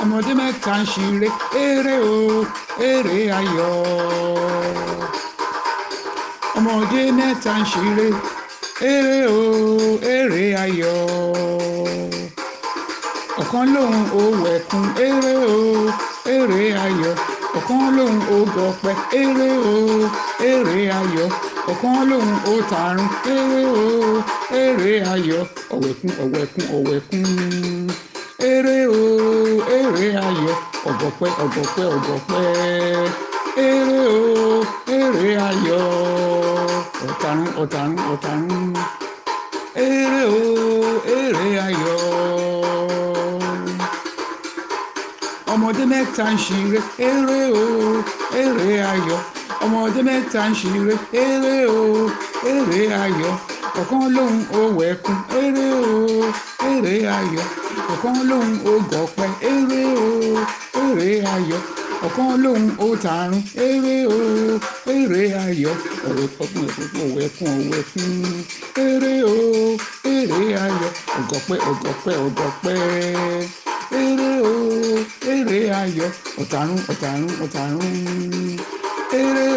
àmọ̀dé mẹ́ta ń ṣeré eré o eré ayọ̀ ọmọdé mẹ́ta ń ṣeré eré o eré ayọ̀ ọ̀kan lòun ò wẹ̀kùn eré o eré ayọ̀ ọ̀kan lòun ò gọ̀pẹ̀ eré o eré ayọ̀ ọ̀kan lòun ó tààrùn eré o eré ayọ̀ ọ̀wẹ̀kùn ọ̀wẹ̀kùn ọ̀wẹ̀kùn eré ọ̀gọ̀pẹ́ ọ̀gọ̀pẹ́ ọ̀gọ̀pẹ́ eré o eré ayọ̀ ọ̀tàrún ọ̀tàrún ọ̀tàrún eré o eré ayọ̀ ọmọdé mẹ́ta ń ṣeré eré o eré ayọ̀ ọmọdé mẹ́ta ń ṣeré eré o eré ayọ̀ ọ̀kan lòun ò wẹ̀kùn eré o eré ayọ̀ ọ̀kan lòun ò gọ̀kùn ọ̀kan lòun ó tààrin eré o eré ayọ̀ ọ̀rọ̀ ọ̀gbọ̀n ẹ̀fọ́fọ́ wẹ̀kún ọ̀wẹ̀kún eré o eré ayọ̀ ọ̀gọ̀pẹ́ ọ̀gọ̀pẹ́ ọ̀gọ̀pẹ́ eré o eré ayọ̀ ọ̀tàrún ọ̀tàrún ọ̀tàrún eré